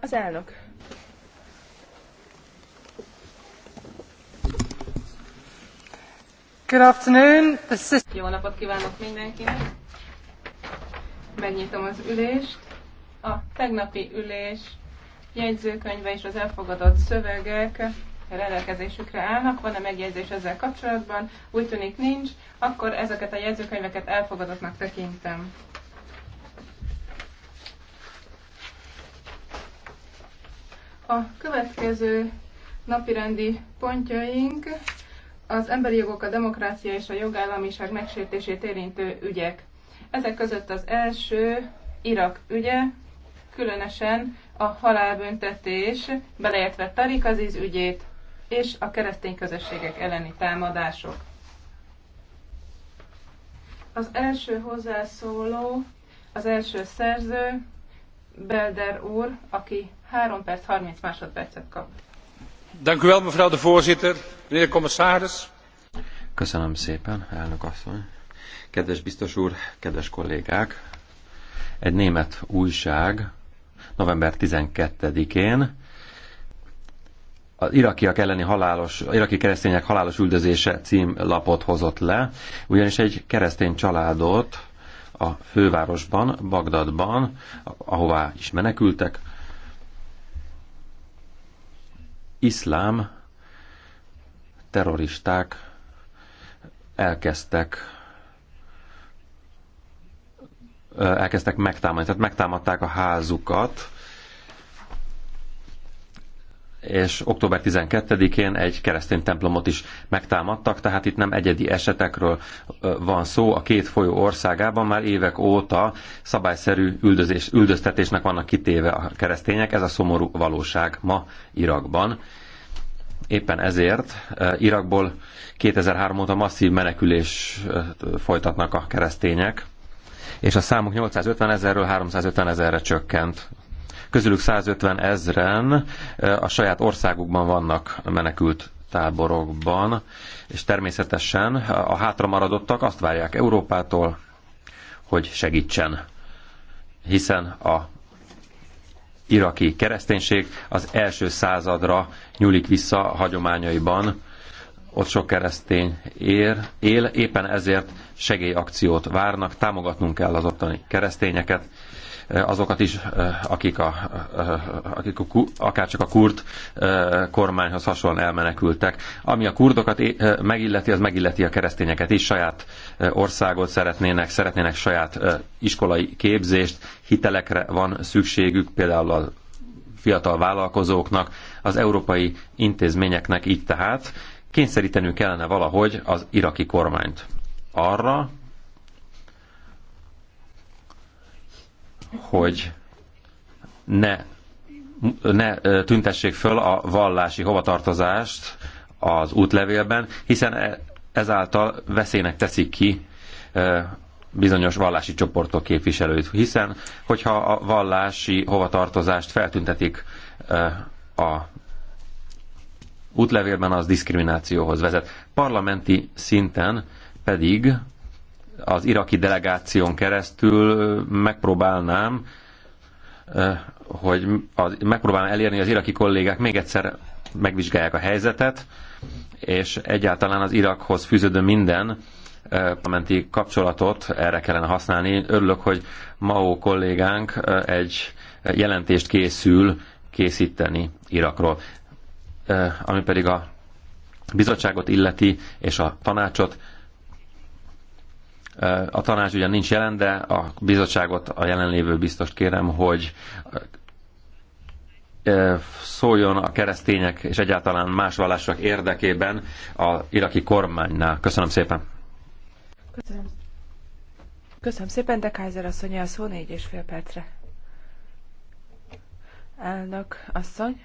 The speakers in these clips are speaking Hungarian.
Az elnök. Good afternoon. The is... Jó napot kívánok mindenkinek. Megnyitom az ülést. A tegnapi ülés jegyzőkönyve és az elfogadott szövegek rendelkezésükre állnak, van-e megjegyzés ezzel kapcsolatban, úgy tűnik nincs, akkor ezeket a jegyzőkönyveket elfogadottnak tekintem. A következő napirendi pontjaink az emberi jogok, a demokrácia és a jogállamiság megsértését érintő ügyek. Ezek között az első Irak ügye, különösen a halálbüntetés, beleértve Tarik ügyét, és a keresztény közösségek elleni támadások. Az első hozzászóló, az első szerző, Belder úr, aki 3 perc 30 másodpercet kap. Dank u wel, mevrouw de voorzitter, meneer de commissaris. Köszönöm szépen, elnök asszony. Kedves biztos úr, kedves kollégák! Egy német újság november 12-én az irakiak elleni halálos, iraki keresztények halálos üldözése címlapot hozott le, ugyanis egy keresztény családot a fővárosban, Bagdadban, ahová is menekültek, iszlám terroristák elkezdtek elkezdtek megtámadni, tehát megtámadták a házukat, és október 12-én egy keresztény templomot is megtámadtak, tehát itt nem egyedi esetekről van szó. A két folyó országában már évek óta szabályszerű üldözés, üldöztetésnek vannak kitéve a keresztények. Ez a szomorú valóság ma Irakban. Éppen ezért Irakból 2003 óta masszív menekülés folytatnak a keresztények, és a számuk 850 ezerről 350 ezerre csökkent közülük 150 ezren a saját országukban vannak menekült táborokban, és természetesen a hátramaradottak azt várják Európától, hogy segítsen, hiszen a iraki kereszténység az első századra nyúlik vissza a hagyományaiban, ott sok keresztény ér, él, éppen ezért segélyakciót várnak, támogatnunk kell az ottani keresztényeket, Eh, azokat is, eh, akik, a, eh, akik a, akárcsak a kurd kormányhoz hasonlóan elmenekültek. Ami a kurdokat megilleti, az megilleti a keresztényeket is. Saját országot szeretnének, szeretnének saját iskolai képzést, hitelekre van szükségük, például a fiatal vállalkozóknak, az európai intézményeknek itt tehát kényszerítenünk kellene valahogy az iraki kormányt arra, hogy ne, ne tüntessék föl a vallási hovatartozást az útlevélben, hiszen e, ezáltal veszélynek teszik ki bizonyos vallási csoportok képviselőit. Hiszen, hogyha a vallási hovatartozást feltüntetik a útlevélben, az diszkriminációhoz vezet. Parlamenti szinten pedig az iraki delegáción keresztül megpróbálnám, hogy az, megpróbálnám elérni, hogy az iraki kollégák még egyszer megvizsgálják a helyzetet, és egyáltalán az Irakhoz fűződő minden parlamenti kapcsolatot erre kellene használni. Örülök, hogy Mao kollégánk egy jelentést készül készíteni Irakról. Ami pedig a bizottságot illeti, és a tanácsot, a tanács ugyan nincs jelen, de a bizottságot, a jelenlévő biztos kérem, hogy szóljon a keresztények és egyáltalán más vallások érdekében a iraki kormánynál. Köszönöm szépen. Köszönöm. Köszönöm szépen, de Kaiser asszony, a szó négy és fél percre. Elnök asszony.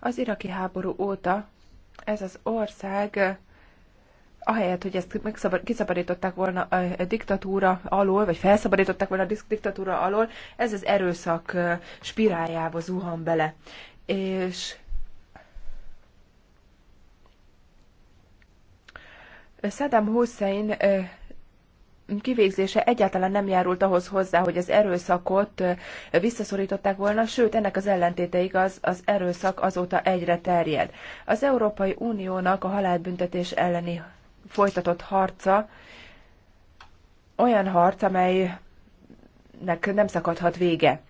Az iraki háború óta ez az ország ahelyett, hogy ezt megszabad, kiszabadították volna a diktatúra alól, vagy felszabadították volna a diktatúra alól, ez az erőszak spiráljába zuhan bele. És Saddam Hussein kivégzése egyáltalán nem járult ahhoz hozzá, hogy az erőszakot visszaszorították volna, sőt, ennek az ellentéte igaz, az erőszak azóta egyre terjed. Az Európai Uniónak a halálbüntetés elleni folytatott harca olyan harc, amelynek nem szakadhat vége.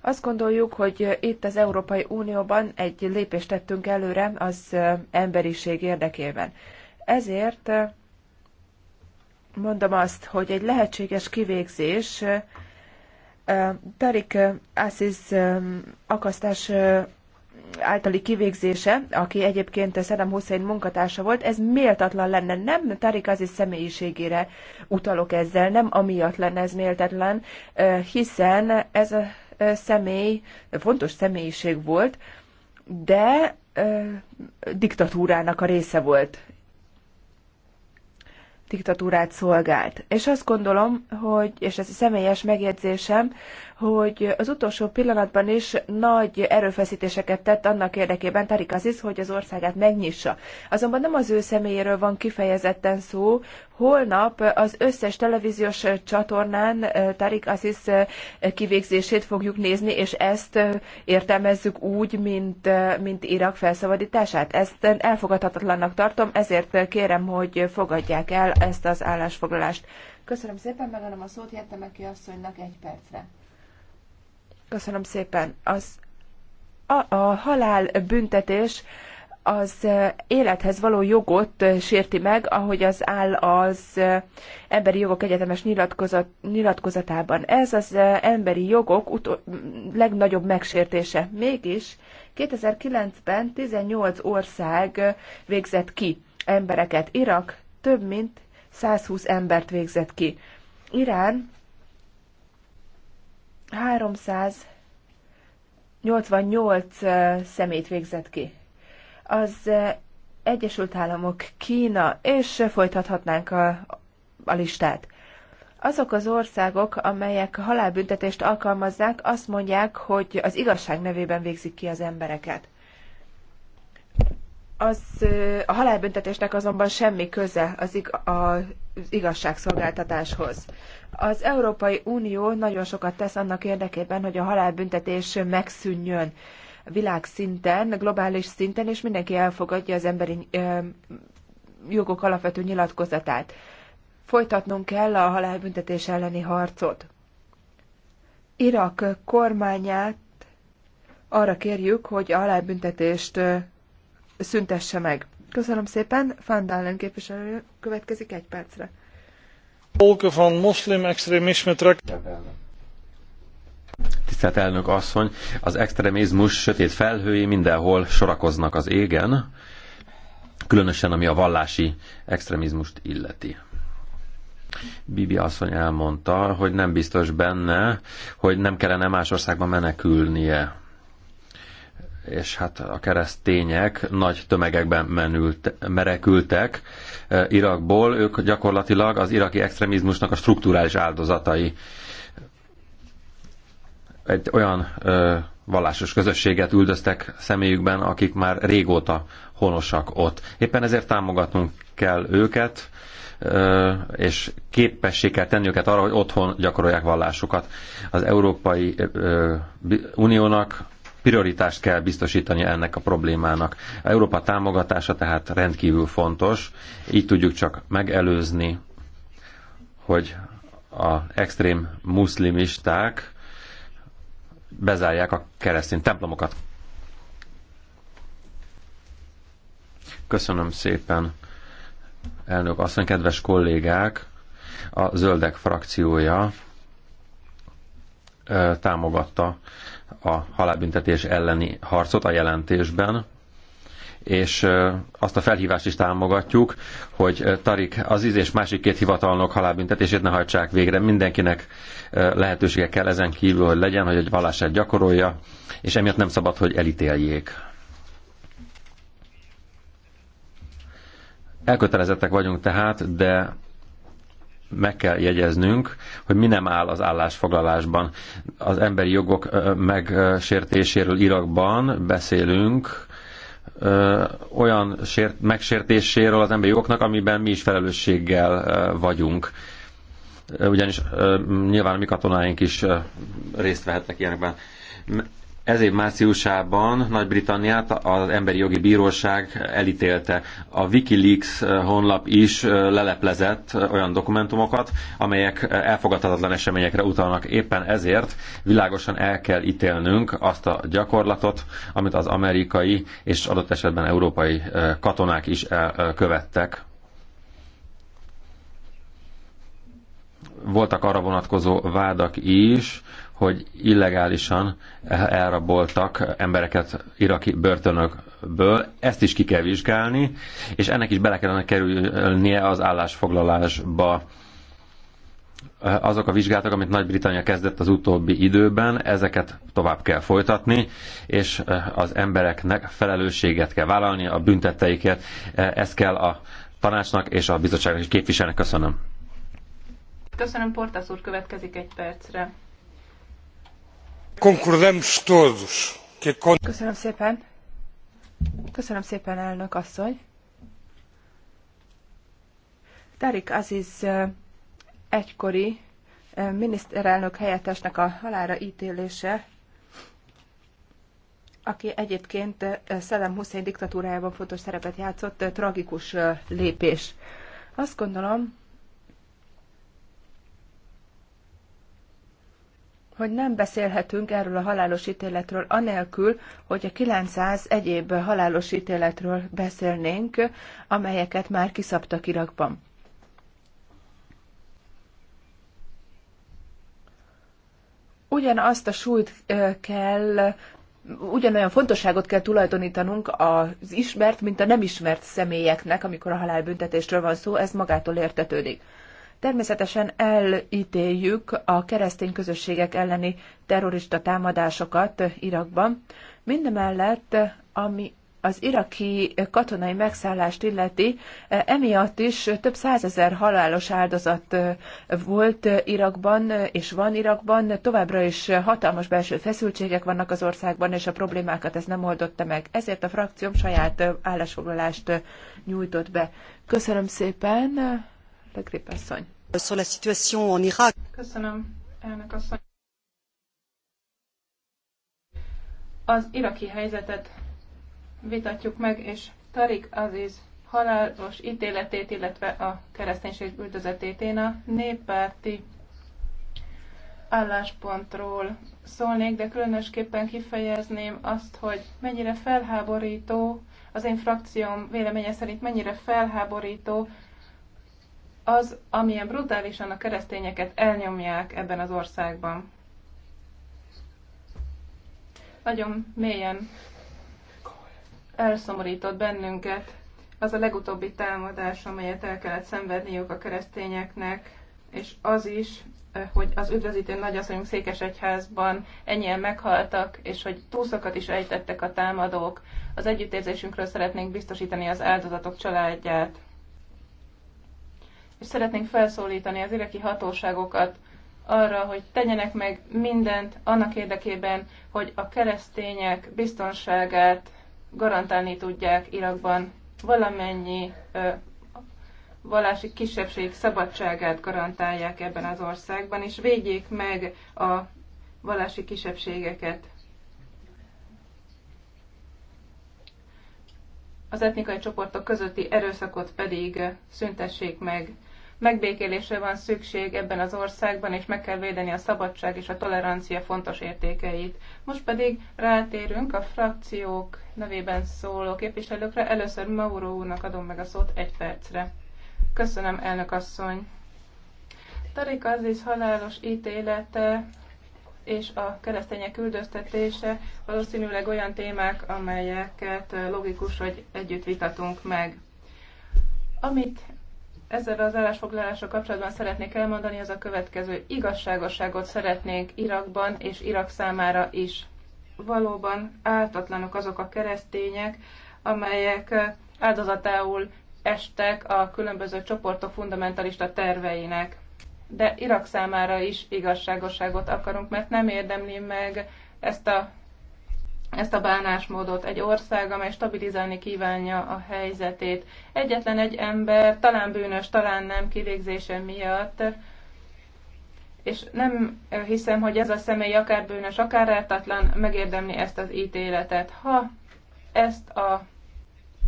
Azt gondoljuk, hogy itt az Európai Unióban egy lépést tettünk előre az emberiség érdekében. Ezért mondom azt, hogy egy lehetséges kivégzés Tarik Assis akasztás általi kivégzése, aki egyébként Saddam Hussein munkatársa volt, ez méltatlan lenne. Nem Tarik Aziz személyiségére utalok ezzel, nem amiatt lenne ez méltatlan, hiszen ez a személy fontos személyiség volt, de diktatúrának a része volt. Diktatúrát szolgált. És azt gondolom, hogy, és ez a személyes megjegyzésem, hogy az utolsó pillanatban is nagy erőfeszítéseket tett annak érdekében Tarik Aziz, hogy az országát megnyissa. Azonban nem az ő személyéről van kifejezetten szó. Holnap az összes televíziós csatornán eh, Tarik Aziz eh, kivégzését fogjuk nézni, és ezt eh, értelmezzük úgy, mint, mint Irak felszabadítását. Ezt elfogadhatatlannak tartom, ezért kérem, hogy fogadják el ezt az állásfoglalást. Köszönöm szépen, megadom a szót neki asszonynak egy percre. Köszönöm szépen. Az, a, a halál büntetés az élethez való jogot sérti meg, ahogy az áll az emberi jogok egyetemes nyilatkozat, nyilatkozatában. Ez az emberi jogok utol, legnagyobb megsértése. Mégis 2009-ben 18 ország végzett ki embereket. Irak több mint 120 embert végzett ki. Irán 388 szemét végzett ki. Az Egyesült Államok, Kína, és folytathatnánk a, a listát. Azok az országok, amelyek halálbüntetést alkalmazzák, azt mondják, hogy az igazság nevében végzik ki az embereket. Az, a halálbüntetésnek azonban semmi köze az, ig- a, az igazságszolgáltatáshoz. Az Európai Unió nagyon sokat tesz annak érdekében, hogy a halálbüntetés megszűnjön világszinten, globális szinten, és mindenki elfogadja az emberi jogok alapvető nyilatkozatát. Folytatnunk kell a halálbüntetés elleni harcot. Irak kormányát arra kérjük, hogy a halálbüntetést szüntesse meg. Köszönöm szépen, Fandalen képviselő következik egy percre. Volken van muszlim extrémisme Tisztelt elnök asszony, az extrémizmus sötét felhői mindenhol sorakoznak az égen, különösen ami a vallási extrémizmust illeti. Bibi asszony elmondta, hogy nem biztos benne, hogy nem kellene más országba menekülnie és hát a keresztények nagy tömegekben menült, merekültek e, Irakból, ők gyakorlatilag az iraki extremizmusnak a strukturális áldozatai. Egy olyan ö, e, vallásos közösséget üldöztek személyükben, akik már régóta honosak ott. Éppen ezért támogatnunk kell őket, e, és képessé kell tenni őket arra, hogy otthon gyakorolják vallásukat. Az Európai Uniónak prioritást kell biztosítani ennek a problémának. A Európa támogatása tehát rendkívül fontos, így tudjuk csak megelőzni, hogy a extrém muszlimisták bezárják a keresztény templomokat. Köszönöm szépen, elnök asszony, kedves kollégák! A Zöldek frakciója támogatta a halálbüntetés elleni harcot a jelentésben, és azt a felhívást is támogatjuk, hogy Tarik Aziz és másik két hivatalnok halálbüntetését ne hajtsák végre. Mindenkinek lehetősége kell ezen kívül, hogy legyen, hogy egy vallását gyakorolja, és emiatt nem szabad, hogy elítéljék. Elkötelezettek vagyunk tehát, de meg kell jegyeznünk, hogy mi nem áll az állásfoglalásban. Az emberi jogok megsértéséről Irakban beszélünk, olyan sért, megsértéséről az emberi jogoknak, amiben mi is felelősséggel vagyunk. Ugyanis nyilván a mi katonáink is részt vehetnek ilyenekben. Ez év márciusában Nagy-Britanniát az Emberi Jogi Bíróság elítélte. A Wikileaks honlap is leleplezett olyan dokumentumokat, amelyek elfogadhatatlan eseményekre utalnak. Éppen ezért világosan el kell ítélnünk azt a gyakorlatot, amit az amerikai és adott esetben európai katonák is követtek. Voltak arra vonatkozó vádak is, hogy illegálisan elraboltak embereket iraki börtönökből. Ezt is ki kell vizsgálni, és ennek is bele kellene kerülnie az állásfoglalásba azok a vizsgálatok, amit Nagy-Britannia kezdett az utóbbi időben, ezeket tovább kell folytatni, és az embereknek felelősséget kell vállalni a büntetteiket. Ezt kell a tanácsnak és a bizottságnak is képviselni. Köszönöm. Köszönöm, Portász úr, következik egy percre. Concordamos todos. Köszönöm szépen. Köszönöm szépen, elnök asszony. Tarik Aziz egykori miniszterelnök helyettesnek a halára ítélése, aki egyébként Szelem Hussein diktatúrájában fontos szerepet játszott, tragikus lépés. Azt gondolom, hogy nem beszélhetünk erről a halálos ítéletről anélkül, hogy a 900 egyéb halálos ítéletről beszélnénk, amelyeket már kiszabtak Irakban. Ugyanazt a súlyt kell ugyanolyan fontosságot kell tulajdonítanunk az ismert, mint a nem ismert személyeknek, amikor a halálbüntetésről van szó, ez magától értetődik. Természetesen elítéljük a keresztény közösségek elleni terrorista támadásokat Irakban. Mindemellett, ami az iraki katonai megszállást illeti, emiatt is több százezer halálos áldozat volt Irakban, és van Irakban. Továbbra is hatalmas belső feszültségek vannak az országban, és a problémákat ez nem oldotta meg. Ezért a frakcióm saját állásfoglalást nyújtott be. Köszönöm szépen! Le Sur la situation en Irak. Köszönöm, elnök asszony. Az iraki helyzetet vitatjuk meg, és Tarik Aziz halálos ítéletét, illetve a kereszténység üldözetét. Én a néppárti álláspontról szólnék, de különösképpen kifejezném azt, hogy mennyire felháborító, az én frakcióm véleménye szerint mennyire felháborító az, amilyen brutálisan a keresztényeket elnyomják ebben az országban. Nagyon mélyen elszomorított bennünket az a legutóbbi támadás, amelyet el kellett szenvedniük a keresztényeknek, és az is, eh, hogy az üdvözítő nagyasszonyunk Székesegyházban ennyien meghaltak, és hogy túszokat is ejtettek a támadók. Az együttérzésünkről szeretnénk biztosítani az áldozatok családját és szeretnénk felszólítani az iraki hatóságokat arra, hogy tegyenek meg mindent annak érdekében, hogy a keresztények biztonságát garantálni tudják Irakban valamennyi ö, vallási kisebbség szabadságát garantálják ebben az országban, és védjék meg a vallási kisebbségeket. Az etnikai csoportok közötti erőszakot pedig szüntessék meg. Megbékélésre van szükség ebben az országban, és meg kell védeni a szabadság és a tolerancia fontos értékeit. Most pedig rátérünk a frakciók nevében szóló képviselőkre. Először Mauro úrnak adom meg a szót egy percre. Köszönöm, elnök asszony. Tarik Aziz halálos ítélete és a keresztények üldöztetése valószínűleg olyan témák, amelyeket logikus, hogy együtt vitatunk meg. Amit ezzel az állásfoglalással kapcsolatban szeretnék elmondani, az a következő igazságosságot szeretnénk Irakban és Irak számára is. Valóban áltatlanok azok a keresztények, amelyek eh, áldozatául estek a különböző csoportok fundamentalista terveinek. De Irak számára is igazságosságot akarunk, mert nem érdemli meg ezt a ezt a bánásmódot egy ország, amely stabilizálni kívánja a helyzetét. Egyetlen egy ember, talán bűnös, talán nem kivégzése miatt, és nem hiszem, hogy ez a személy akár bűnös, akár ártatlan megérdemli ezt az ítéletet. Ha ezt a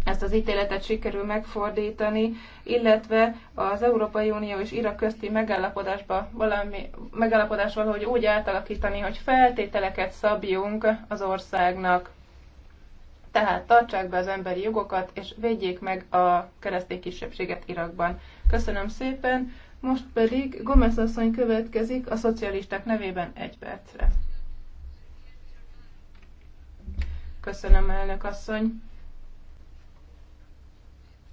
ezt az ítéletet sikerül megfordítani, illetve az Európai Unió és Irak közti megállapodásba valami, megállapodás valahogy úgy átalakítani, hogy feltételeket szabjunk az országnak. Tehát tartsák be az emberi jogokat, és védjék meg a keresztény kisebbséget Irakban. Köszönöm szépen, most pedig Gomez asszony következik a szocialisták nevében egy percre. Köszönöm, elnök asszony.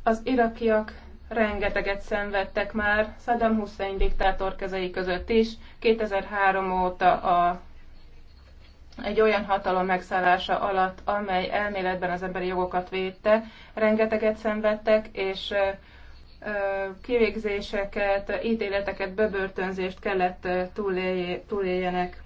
Az irakiak rengeteget szenvedtek már Saddam Hussein diktátor kezei között is. 2003 óta a, egy olyan hatalom megszállása alatt, amely elméletben az emberi jogokat védte, rengeteget szenvedtek, és kivégzéseket, ítéleteket, bebörtönzést kellett túléljenek.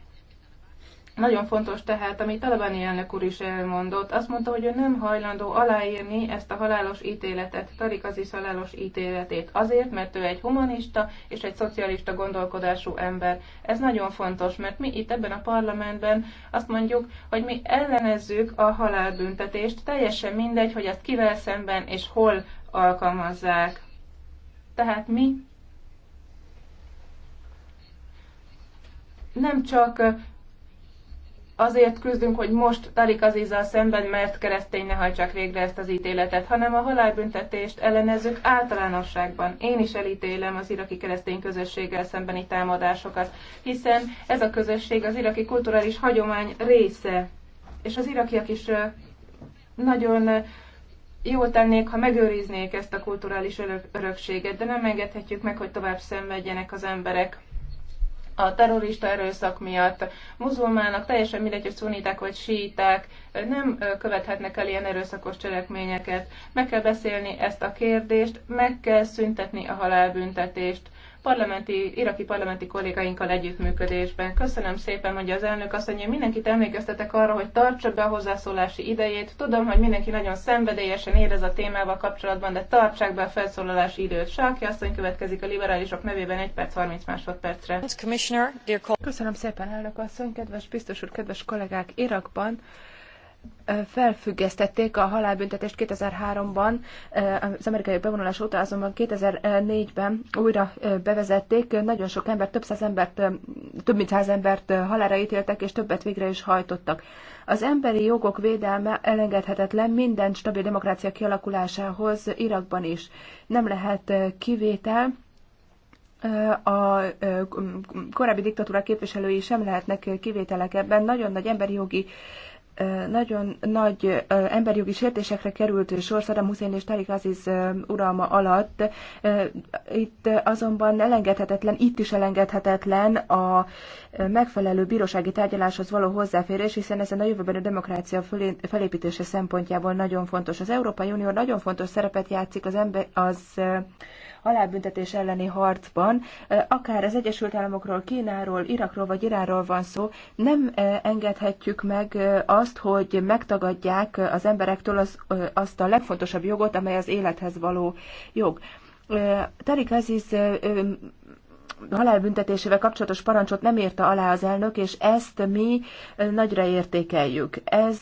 Nagyon fontos tehát, amit Talabani elnök úr is elmondott. Azt mondta, hogy ő nem hajlandó aláírni ezt a halálos ítéletet, Tarik Aziz halálos ítéletét. Azért, mert ő egy humanista és egy szocialista gondolkodású ember. Ez nagyon fontos, mert mi itt ebben a parlamentben azt mondjuk, hogy mi ellenezzük a halálbüntetést, teljesen mindegy, hogy azt kivel szemben és hol alkalmazzák. Tehát mi nem csak azért küzdünk, hogy most Talik Azizzal szemben, mert keresztény ne hajtsák végre ezt az ítéletet, hanem a halálbüntetést ellenezzük általánosságban. Én is elítélem az iraki keresztény közösséggel szembeni támadásokat, hiszen ez a közösség az iraki kulturális hagyomány része, és az irakiak is nagyon jól tennék, ha megőriznék ezt a kulturális örökséget, de nem engedhetjük meg, hogy tovább szenvedjenek az emberek a terrorista erőszak miatt. Muzulmának teljesen mindegy, hogy szuniták vagy síták, nem követhetnek el ilyen erőszakos cselekményeket. Meg kell beszélni ezt a kérdést, meg kell szüntetni a halálbüntetést parlamenti, iraki parlamenti kollégáinkkal együttműködésben. Köszönöm szépen, hogy az elnök azt mondja, mindenkit emlékeztetek arra, hogy tartsa be a hozzászólási idejét. Tudom, hogy mindenki nagyon szenvedélyesen érez a témával kapcsolatban, de tartsák be a felszólalási időt. Sáki asszony következik a liberálisok nevében 1 perc 30 másodpercre. Köszönöm szépen, elnök asszony, kedves biztos úr, kedves kollégák, Irakban felfüggesztették a halálbüntetést 2003-ban, az amerikai bevonulás óta azonban 2004-ben újra bevezették. Nagyon sok embert, több száz embert, több mint száz embert halára ítéltek, és többet végre is hajtottak. Az emberi jogok védelme elengedhetetlen minden stabil demokrácia kialakulásához Irakban is. Nem lehet kivétel, a korábbi diktatúra képviselői sem lehetnek kivételek ebben. Nagyon nagy emberi jogi nagyon nagy emberjogi sértésekre került sor Saddam Hussein és Tariq Aziz uralma alatt. Itt azonban elengedhetetlen, itt is elengedhetetlen a megfelelő bírósági tárgyaláshoz való hozzáférés, hiszen ezen a jövőben a demokrácia felépítése szempontjából nagyon fontos. Az Európai Unió nagyon fontos szerepet játszik az, ember, az halálbüntetés elleni harcban, akár az Egyesült Államokról, Kínáról, Irakról vagy Iránról van szó, nem engedhetjük meg azt, hogy megtagadják az emberektől az, azt a legfontosabb jogot, amely az élethez való jog. Tarik Aziz halálbüntetésével kapcsolatos parancsot nem írta alá az elnök, és ezt mi nagyra értékeljük. Ez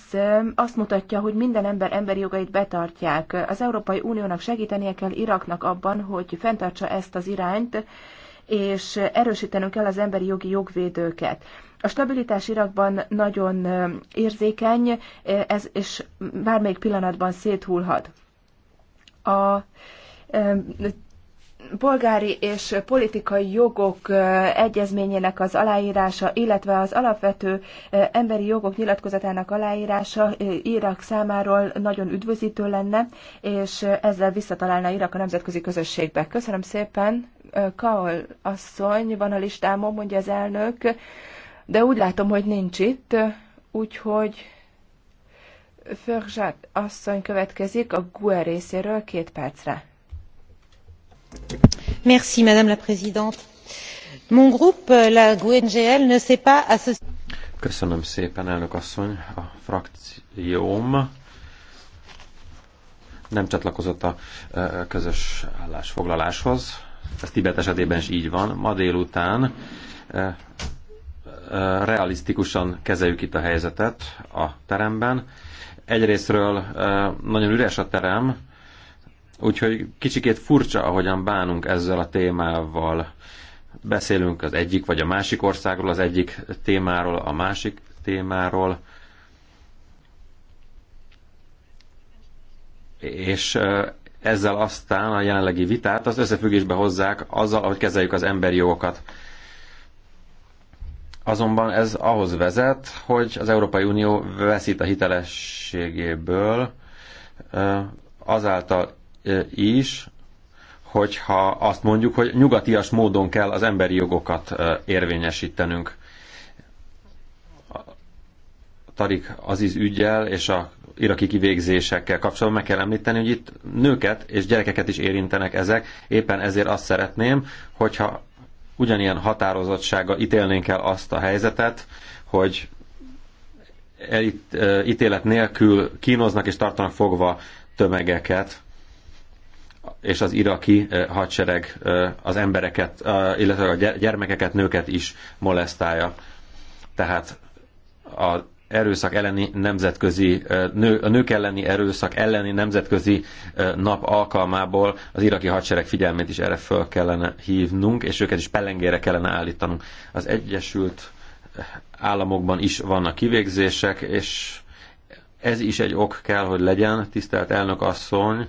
azt mutatja, hogy minden ember emberi jogait betartják. Az Európai Uniónak segítenie kell Iraknak abban, hogy fenntartsa ezt az irányt, és erősítenünk kell az emberi jogi jogvédőket. A stabilitás Irakban nagyon érzékeny, ez, és bármelyik pillanatban széthullhat. A polgári és politikai jogok egyezményének az aláírása, illetve az alapvető emberi jogok nyilatkozatának aláírása Irak számáról nagyon üdvözítő lenne, és ezzel visszatalálna Irak a nemzetközi közösségbe. Köszönöm szépen, Kaol asszony van a listámon, mondja az elnök, de úgy látom, hogy nincs itt, úgyhogy Förzsát asszony következik a GUE részéről két percre madame la présidente mon groupe euh, la gue ngl ne s'est pas associé. köszönöm szépen frakcióm nem csatlakozott a közös is így van. Ma délután realisztikusan kezeljük itt a helyzetet a teremben. Egyrésztről nagyon üres a terem, Úgyhogy kicsikét furcsa, ahogyan bánunk ezzel a témával. Beszélünk az egyik vagy a másik országról, az egyik témáról, a másik témáról. És ezzel aztán a jelenlegi vitát az összefüggésbe hozzák azzal, hogy kezeljük az emberi jogokat. Azonban ez ahhoz vezet, hogy az Európai Unió veszít a hitelességéből, azáltal is, hogyha azt mondjuk, hogy nyugatias módon kell az emberi jogokat érvényesítenünk. Tarik Aziz ügyel és a iraki kivégzésekkel kapcsolatban meg kell említeni, hogy itt nőket és gyerekeket is érintenek ezek. Éppen ezért azt szeretném, hogyha ugyanilyen határozottsága ítélnénk el azt a helyzetet, hogy ítélet nélkül kínoznak és tartanak fogva tömegeket és az iraki eh, hadsereg eh, az embereket, eh, illetve a gyermekeket, nőket is molesztálja. Tehát a erőszak elleni nemzetközi, a nők elleni erőszak elleni nemzetközi nap alkalmából az iraki hadsereg figyelmét is erre föl kellene hívnunk, és őket is pellengére kellene állítanunk. Az Egyesült Államokban is vannak kivégzések, és ez is egy ok kell, hogy legyen, tisztelt elnök asszony,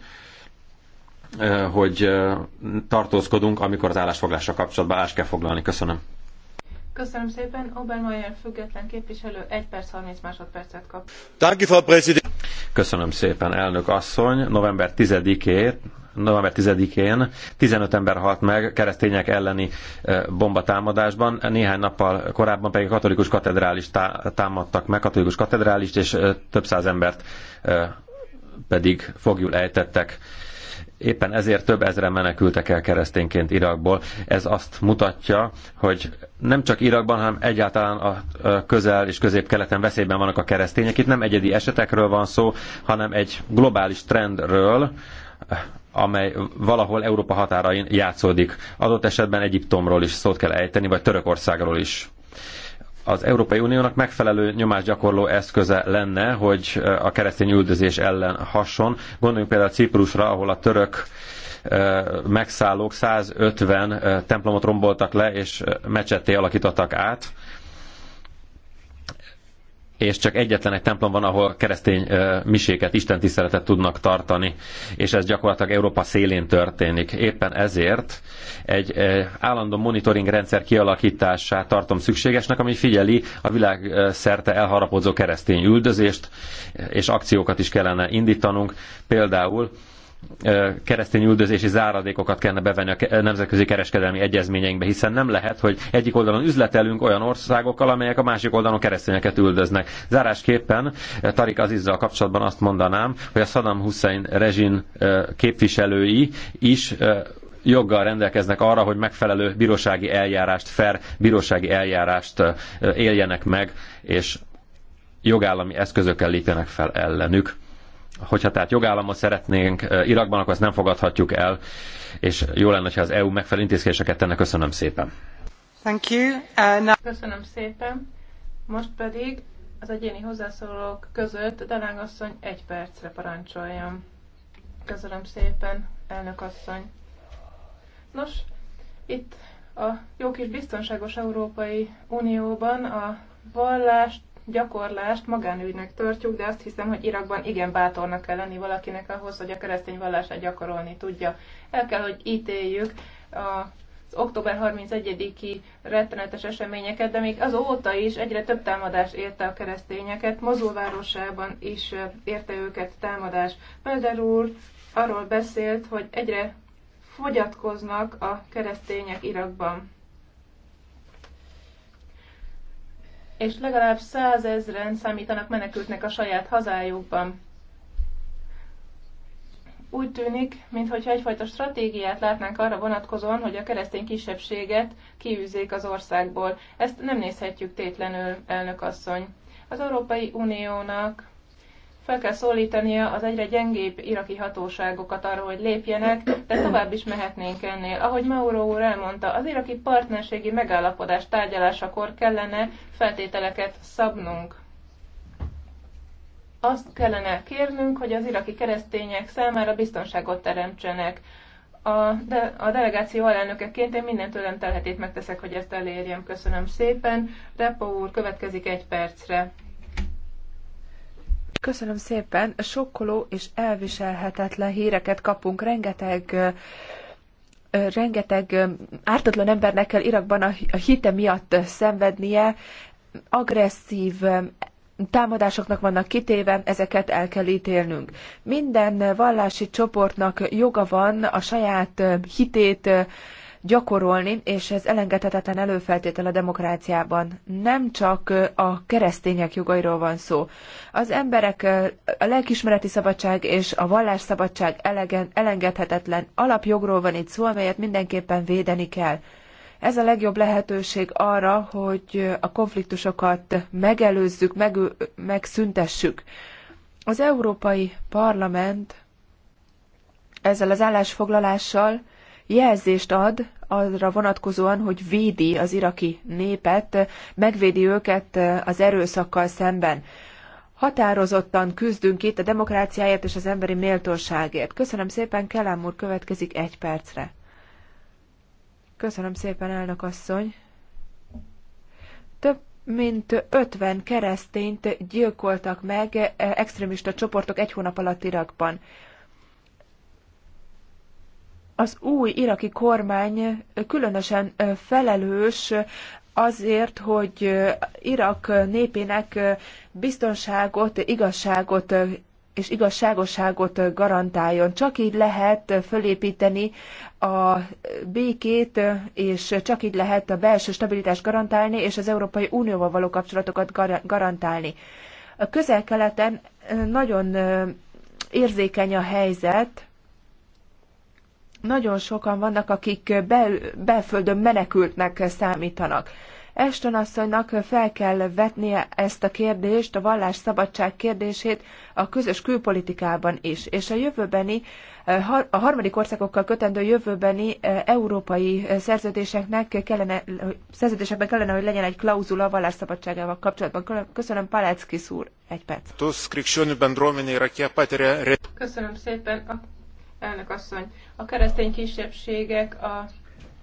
hogy tartózkodunk, amikor az állásfoglásra kapcsolatban állást kell foglalni. Köszönöm. Köszönöm szépen. Obermeyer független képviselő 1 perc 30 másodpercet kap. Köszönöm szépen, elnök asszony. November 10-ét november 10-én 15 ember halt meg keresztények elleni bombatámadásban, néhány nappal korábban pedig katolikus katedrális támadtak meg, katolikus katedrálist, és több száz embert pedig fogjul ejtettek. Éppen ezért több ezren menekültek el keresztényként Irakból. Ez azt mutatja, hogy nem csak Irakban, hanem egyáltalán a közel és közép-keleten veszélyben vannak a keresztények. Itt nem egyedi esetekről van szó, hanem egy globális trendről, amely valahol Európa határain játszódik. Adott esetben Egyiptomról is szót kell ejteni, vagy Törökországról is az Európai Uniónak megfelelő nyomásgyakorló eszköze lenne, hogy a keresztény üldözés ellen hason. Gondoljunk például a Ciprusra, ahol a török megszállók 150 templomot romboltak le, és mecseté alakítottak át és csak egyetlen egy templom van, ahol keresztény miséket, istentiszteletet tudnak tartani, és ez gyakorlatilag Európa szélén történik. Éppen ezért egy állandó monitoring rendszer kialakítását tartom szükségesnek, ami figyeli a világ szerte elharapodzó keresztény üldözést, és akciókat is kellene indítanunk. Például keresztény üldözési záradékokat kellene bevenni a nemzetközi kereskedelmi egyezményeinkbe, hiszen nem lehet, hogy egyik oldalon üzletelünk olyan országokkal, amelyek a másik oldalon keresztényeket üldöznek. Zárásképpen Tarik Azizzal kapcsolatban azt mondanám, hogy a Saddam Hussein rezsin képviselői is joggal rendelkeznek arra, hogy megfelelő bírósági eljárást, fair bírósági eljárást éljenek meg, és jogállami eszközökkel lépjenek fel ellenük. Hogyha tehát jogállamot szeretnénk Irakban, akkor ezt nem fogadhatjuk el, és jó lenne, ha az EU megfelelő intézkedéseket tenne. Köszönöm szépen. Thank you. Uh, now... Köszönöm szépen. Most pedig az egyéni hozzászólók között Dalán asszony egy percre parancsoljon. Köszönöm szépen, elnök asszony. Nos, itt a jó kis biztonságos Európai Unióban a vallást gyakorlást magánügynek tartjuk, de azt hiszem, hogy Irakban igen bátornak kell lenni valakinek ahhoz, hogy a keresztény vallását gyakorolni tudja. El kell, hogy ítéljük a az október 31-i rettenetes eseményeket, de még azóta is egyre több támadás érte a keresztényeket, mozulvárosában is érte őket támadás. Pölder úr arról beszélt, hogy egyre fogyatkoznak a keresztények Irakban. és legalább százezren számítanak menekültnek a saját hazájukban. Úgy tűnik, mintha egyfajta stratégiát látnánk arra vonatkozóan, hogy a keresztény kisebbséget kiűzzék az országból. Ezt nem nézhetjük tétlenül, elnök asszony. Az Európai Uniónak fel kell szólítania az egyre gyengébb iraki hatóságokat arra, hogy lépjenek, de tovább is mehetnénk ennél. Ahogy Mauro úr elmondta, az iraki partnerségi megállapodás tárgyalásakor kellene feltételeket szabnunk. Azt kellene kérnünk, hogy az iraki keresztények számára biztonságot teremtsenek. A, de, a delegáció alelnökeként én mindent tőlem telhetét megteszek, hogy ezt elérjem. Köszönöm szépen. Repo úr, következik egy percre. Köszönöm szépen. Sokkoló és elviselhetetlen híreket kapunk. Rengeteg rengeteg ártatlan embernek kell Irakban a hite miatt szenvednie, agresszív támadásoknak vannak kitéve, ezeket el kell ítélnünk. Minden vallási csoportnak joga van a saját hitét gyakorolni, és ez elengedhetetlen előfeltétel a demokráciában. Nem csak a keresztények jogairól van szó. Az emberek a lelkismereti szabadság és a vallásszabadság elengedhetetlen alapjogról van itt szó, amelyet mindenképpen védeni kell. Ez a legjobb lehetőség arra, hogy a konfliktusokat megelőzzük, meg, megszüntessük. Az Európai Parlament ezzel az állásfoglalással jelzést ad arra vonatkozóan, hogy védi az iraki népet, megvédi őket eh, az erőszakkal szemben. Határozottan küzdünk itt a demokráciáért és az emberi méltóságért. Köszönöm szépen, Kelem úr következik egy percre. Köszönöm szépen, elnök asszony. Több mint 50 keresztényt gyilkoltak meg eh, extrémista csoportok egy hónap alatt Irakban az új iraki kormány különösen felelős azért, hogy Irak népének biztonságot, igazságot és igazságosságot garantáljon. Csak így lehet fölépíteni a békét, és csak így lehet a belső stabilitást garantálni, és az Európai Unióval való kapcsolatokat garantálni. A közel-keleten nagyon érzékeny a helyzet, nagyon sokan vannak, akik bel, belföldön menekültnek számítanak. Eston asszonynak fel kell vetnie ezt a kérdést, a vallás szabadság kérdését a közös külpolitikában is, és a jövőbeni, a harmadik országokkal kötendő jövőbeni e, európai szerződéseknek kellene, szerződésekben kellene, hogy legyen egy klauzula a vallás szabadságával kapcsolatban. Köszönöm, Palecki úr, egy perc. Köszönöm szépen. A elnök asszony. A keresztény kisebbségek a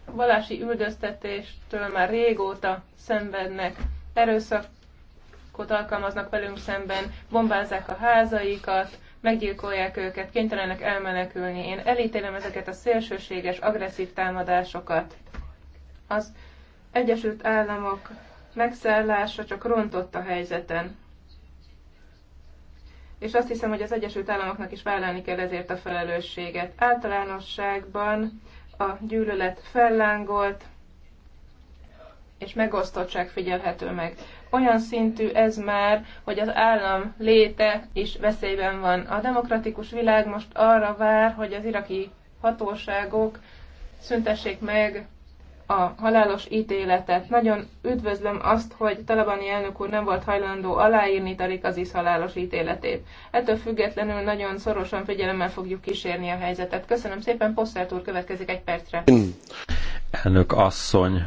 valási üldöztetéstől már régóta szenvednek. Erőszakot alkalmaznak velünk szemben, bombázzák a házaikat, meggyilkolják őket, kénytelenek elmenekülni. Én elítélem ezeket a szélsőséges, agresszív támadásokat. Az Egyesült Államok megszállása csak rontott a helyzeten és azt hiszem, hogy az Egyesült Államoknak is vállalni kell ezért a felelősséget. Általánosságban a gyűlölet fellángolt, és megosztottság figyelhető meg. Olyan szintű ez már, hogy az állam léte is veszélyben van. A demokratikus világ most arra vár, hogy az iraki hatóságok szüntessék meg a halálos ítéletet. Nagyon üdvözlöm azt, hogy Talabani elnök úr nem volt hajlandó aláírni Tarik Aziz halálos ítéletét. Ettől függetlenül nagyon szorosan figyelemmel fogjuk kísérni a helyzetet. Köszönöm szépen, Posztert úr következik egy percre. Elnök asszony,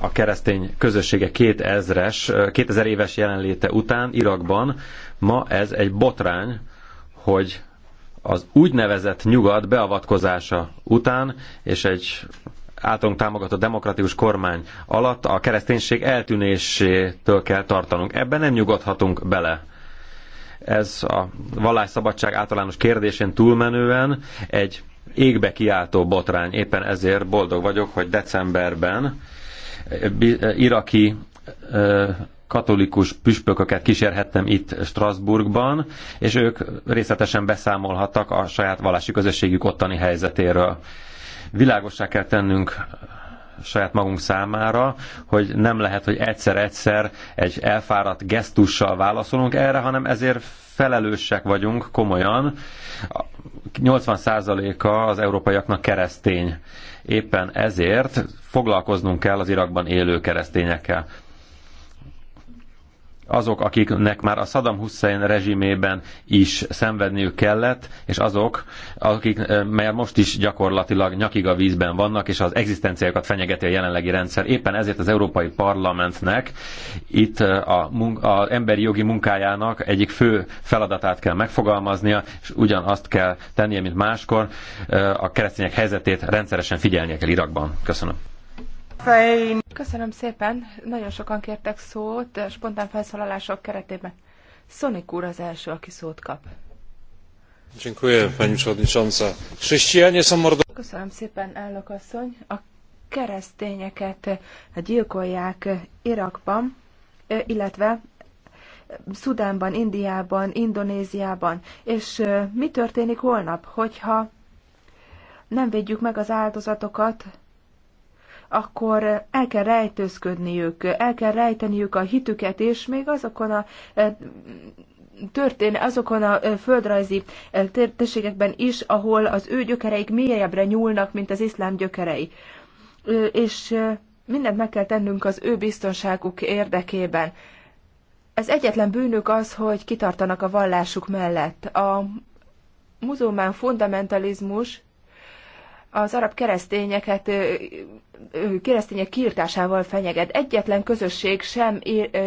a keresztény közössége 2000-es, 2000 éves jelenléte után Irakban. Ma ez egy botrány, hogy az úgynevezett nyugat beavatkozása után, és egy általunk támogatott demokratikus kormány alatt a kereszténység eltűnésétől kell tartanunk. Ebben nem nyugodhatunk bele. Ez a vallásszabadság általános kérdésén túlmenően egy égbe kiáltó botrány. Éppen ezért boldog vagyok, hogy decemberben eh, eh, iraki eh, katolikus püspököket kísérhettem itt Strasbourgban, és ők részletesen beszámolhattak a saját vallási közösségük ottani helyzetéről. Világossá kell tennünk saját magunk számára, hogy nem lehet, hogy egyszer-egyszer egy elfáradt gesztussal válaszolunk erre, hanem ezért felelősek vagyunk komolyan. 80%-a az európaiaknak keresztény. Éppen ezért foglalkoznunk kell az Irakban élő keresztényekkel azok, akiknek már a Saddam Hussein rezsimében is szenvedniük kellett, és azok, akik eh, már most is gyakorlatilag nyakig a vízben vannak, és az egzisztenciájukat fenyegeti a jelenlegi rendszer. Éppen ezért az Európai Parlamentnek itt eh, a, a emberi jogi munkájának egyik fő feladatát kell megfogalmaznia, és ugyanazt kell tennie, mint máskor, eh, a keresztények helyzetét rendszeresen figyelnie kell Irakban. Köszönöm. Köszönöm szépen, nagyon sokan kértek szót, eh, spontán felszólalások keretében. Sonic úr az első, aki szót kap. Köszönöm szépen, elnök asszony. A keresztényeket eh, gyilkolják eh, Irakban, illetve Szudánban, Indiában, Indonéziában. És mi történik holnap, hogyha nem védjük meg az áldozatokat, akkor el kell rejtőzködniük, el kell rejteniük a hitüket, és még azokon a e, történ azokon a e, földrajzi e, térségekben is, ahol az ő gyökereik mélyebbre nyúlnak, mint az iszlám gyökerei. És mindent meg kell tennünk az ő biztonságuk érdekében. Ez egyetlen bűnük az, hogy kitartanak a vallásuk mellett. A muzulmán fundamentalizmus az arab keresztényeket keresztények kiirtásával fenyeget. Egyetlen közösség sem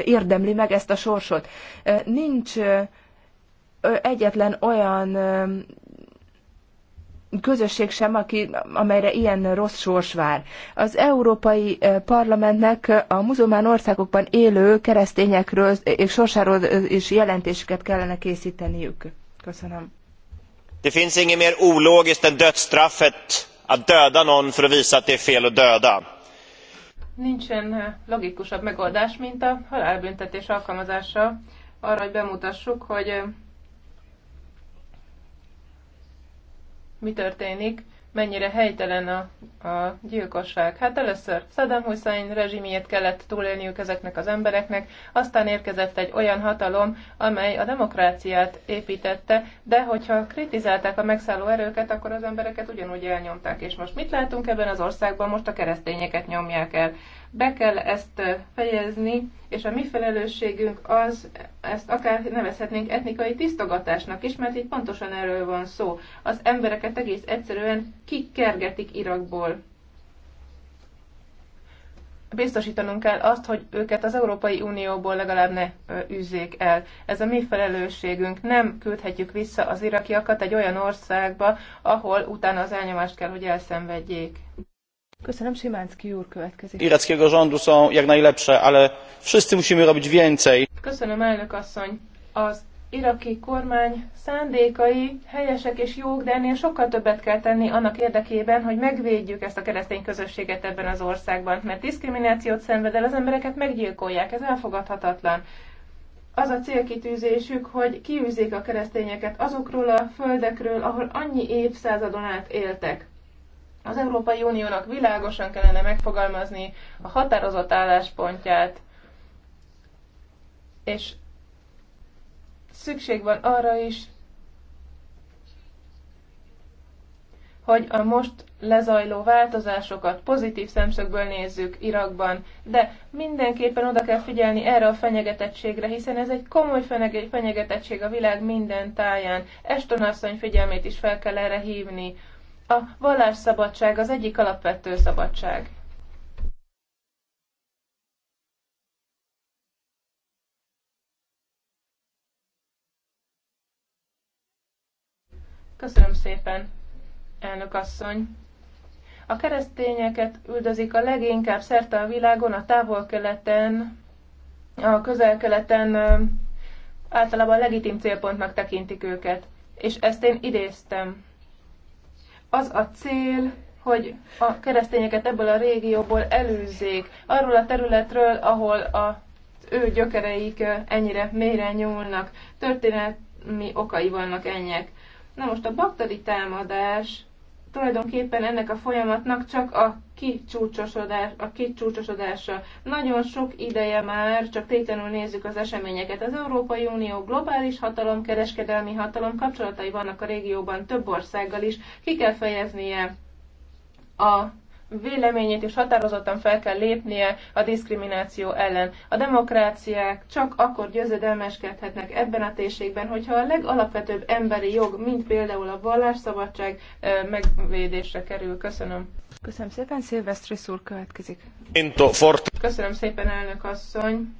érdemli meg ezt a sorsot. Nincs egyetlen olyan közösség sem, aki, amelyre ilyen rossz sors vár. Az Európai Parlamentnek a muzulmán országokban élő keresztényekről és sorsáról is jelentéseket kellene készíteniük. Köszönöm. Det finns inget mer ologiskt än dödsstraffet att döda någon för att visa att det är fel att döda. Nincsen eh, logikusabb megoldás, mint a halálbüntetés alkalmazása arra, hogy bemutassuk, hogy eh, mi történik mennyire helytelen a, a gyilkosság. Hát először Saddam Hussein rezsimjét kellett túlélniük ezeknek az embereknek, aztán érkezett egy olyan hatalom, amely a demokráciát építette, de hogyha kritizálták a megszálló erőket, akkor az embereket ugyanúgy elnyomták. És most mit látunk ebben az országban? Most a keresztényeket nyomják el. Be kell ezt fejezni, és a mi felelősségünk az, ezt akár nevezhetnénk etnikai tisztogatásnak is, mert itt pontosan erről van szó. Az embereket egész egyszerűen kikergetik Irakból biztosítanunk kell azt, hogy őket az Európai Unióból legalább ne üzzék el. Ez a mi felelősségünk. Nem küldhetjük vissza az irakiakat egy olyan országba, ahol utána az elnyomást kell, hogy elszenvedjék. Köszönöm, Simánszki úr következik. Ireckiego rządu są jak najlepsze, ale wszyscy musimy robić więcej. Köszönöm, elnök asszony. Az iraki kormány szándékai helyesek és jók, de ennél sokkal többet kell tenni annak érdekében, hogy megvédjük ezt a keresztény közösséget ebben az országban, mert diszkriminációt szenved el, az embereket meggyilkolják, ez elfogadhatatlan. Az a célkitűzésük, hogy kiűzzék a keresztényeket azokról a földekről, ahol annyi évszázadon át éltek. Az Európai Uniónak világosan kellene megfogalmazni a határozott álláspontját, és szükség van arra is, hogy a most lezajló változásokat pozitív szemszögből nézzük Irakban, de mindenképpen oda kell figyelni erre a fenyegetettségre, hiszen ez egy komoly fenyegetettség a világ minden táján. Eston asszony figyelmét is fel kell erre hívni. A vallásszabadság az egyik alapvető szabadság. Köszönöm szépen, elnök asszony. A keresztényeket üldözik a leginkább szerte a világon, a távol-keleten, a közel-keleten általában legitim célpontnak tekintik őket. És ezt én idéztem az a cél, hogy a keresztényeket ebből a régióból elűzzék, arról a területről, ahol a ő gyökereik ennyire mélyre nyúlnak, történelmi okai vannak ennyek. Na most a baktadi támadás tulajdonképpen ennek a folyamatnak csak a kicsúcsosodás, a kicsúcsosodása. Nagyon sok ideje már, csak tétlenül nézzük az eseményeket. Az Európai Unió globális hatalom, kereskedelmi hatalom kapcsolatai vannak a régióban több országgal is. Ki kell fejeznie a véleményét, és határozottan fel kell lépnie a diszkrimináció ellen. A demokráciák csak akkor győzedelmeskedhetnek ebben a térségben, hogyha a legalapvetőbb emberi jog, mint például a vallásszabadság eh, megvédésre kerül. Köszönöm. Köszönöm szépen, Szilvesztri úr következik. Köszönöm szépen, elnök asszony.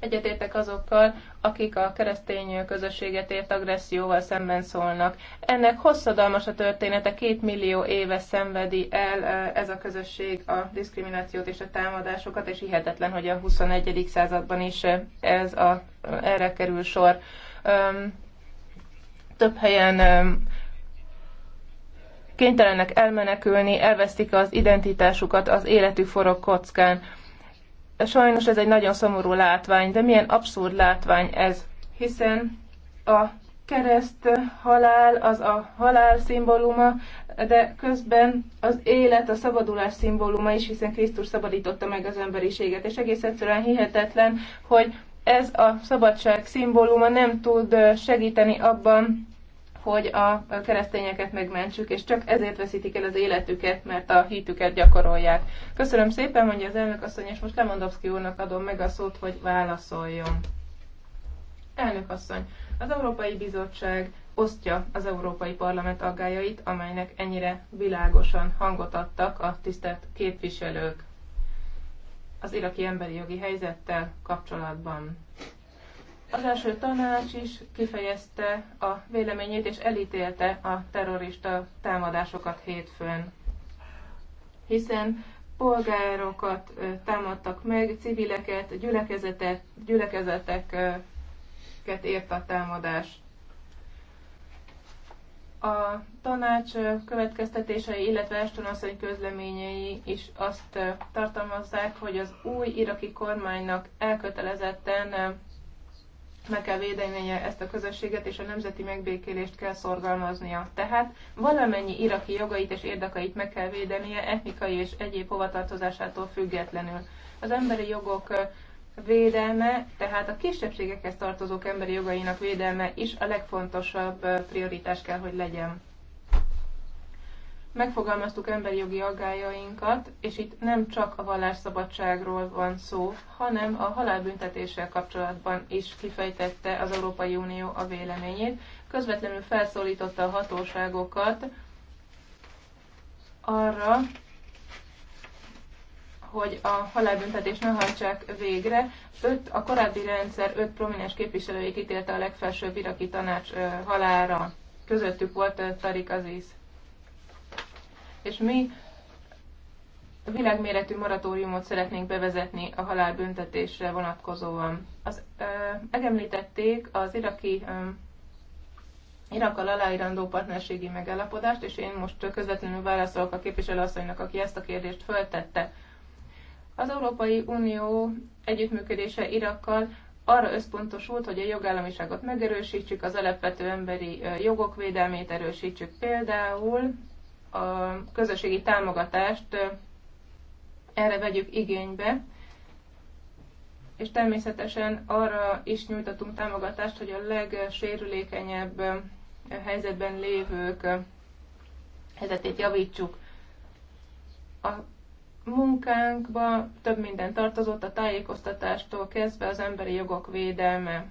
Egyetértek azokkal, akik a keresztény közösséget ért agresszióval szemben szólnak. Ennek hosszadalmas a története, két millió éve szenvedi el ez a közösség a diszkriminációt és a támadásokat, és hihetetlen, hogy a 21. században is ez a, erre kerül sor. Több helyen kénytelenek elmenekülni, elvesztik az identitásukat, az életük forog kockán. Sajnos ez egy nagyon szomorú látvány, de milyen abszurd látvány ez, hiszen a kereszt halál az a halál szimbóluma, de közben az élet a szabadulás szimbóluma is, hiszen Krisztus szabadította meg az emberiséget, és egész egyszerűen hihetetlen, hogy ez a szabadság szimbóluma nem tud segíteni abban, hogy a keresztényeket megmentsük, és csak ezért veszítik el az életüket, mert a hitüket gyakorolják. Köszönöm szépen, mondja az elnök asszony, és most Lemondowski úrnak adom meg a szót, hogy válaszoljon. Elnök asszony, az Európai Bizottság osztja az Európai Parlament aggájait, amelynek ennyire világosan hangot adtak a tisztelt képviselők az iraki emberi jogi helyzettel kapcsolatban. Az első tanács is kifejezte a véleményét és elítélte a terrorista támadásokat hétfőn, hiszen polgárokat támadtak meg, civileket, gyülekezetet, gyülekezeteket ért a támadás. A tanács következtetései, illetve Ashton asszony közleményei is azt tartalmazzák, hogy az új iraki kormánynak elkötelezetten meg kell védenie ezt a közösséget, és a nemzeti megbékélést kell szorgalmaznia. Tehát valamennyi iraki jogait és érdekeit meg kell védenie etnikai és egyéb hovatartozásától függetlenül. Az emberi jogok védelme, tehát a kisebbségekhez tartozók emberi jogainak védelme is a legfontosabb prioritás kell, hogy legyen megfogalmaztuk emberi jogi aggájainkat, és itt nem csak a vallásszabadságról van szó, hanem a halálbüntetéssel kapcsolatban is kifejtette az Európai Unió a véleményét. Közvetlenül felszólította a hatóságokat arra, hogy a halálbüntetés ne hajtsák végre. Öt, a korábbi rendszer öt prominens képviselőjét ítélte a legfelsőbb iraki tanács halára. Közöttük volt Tarik Aziz és mi világméretű moratóriumot szeretnénk bevezetni a halálbüntetésre vonatkozóan. Az, ö, megemlítették az iraki ö, Irakkal aláírandó partnerségi megállapodást, és én most közvetlenül válaszolok a képviselőasszonynak, aki ezt a kérdést föltette. Az Európai Unió együttműködése Irakkal arra összpontosult, hogy a jogállamiságot megerősítsük, az alapvető emberi jogok védelmét erősítsük például, a közösségi támogatást erre vegyük igénybe, és természetesen arra is nyújtatunk támogatást, hogy a legsérülékenyebb helyzetben lévők helyzetét javítsuk. A munkánkba több minden tartozott, a tájékoztatástól kezdve az emberi jogok védelme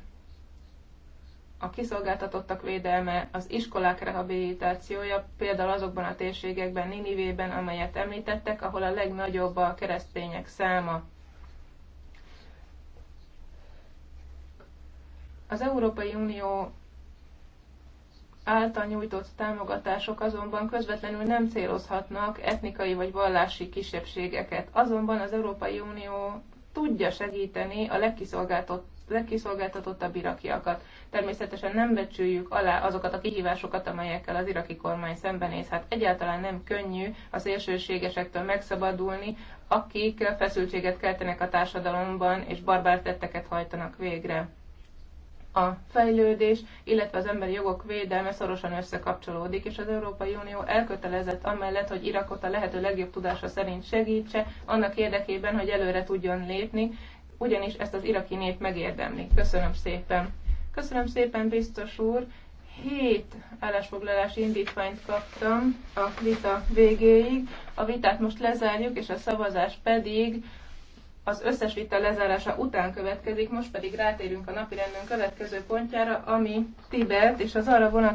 a kiszolgáltatottak védelme, az iskolák rehabilitációja, például azokban a térségekben, Ninivében, amelyet említettek, ahol a legnagyobb a keresztények száma. Az Európai Unió által nyújtott támogatások azonban közvetlenül nem célozhatnak etnikai vagy vallási kisebbségeket. Azonban az Európai Unió tudja segíteni a legkiszolgáltatottabb irakiakat természetesen nem becsüljük alá azokat a kihívásokat, amelyekkel az iraki kormány szembenéz. Hát egyáltalán nem könnyű a szélsőségesektől megszabadulni, akik feszültséget keltenek a társadalomban és barbár tetteket hajtanak végre. A fejlődés, illetve az emberi jogok védelme szorosan összekapcsolódik, és az Európai Unió elkötelezett amellett, hogy Irakot a lehető legjobb tudása szerint segítse, annak érdekében, hogy előre tudjon lépni, ugyanis ezt az iraki nép megérdemli. Köszönöm szépen! Köszönöm szépen, biztos úr! Hét állásfoglalási indítványt kaptam a vita végéig. A vitát most lezárjuk, és a szavazás pedig az összes vita lezárása után következik, most pedig rátérünk a napirendünk következő pontjára, ami Tibet és az arra vonatkozó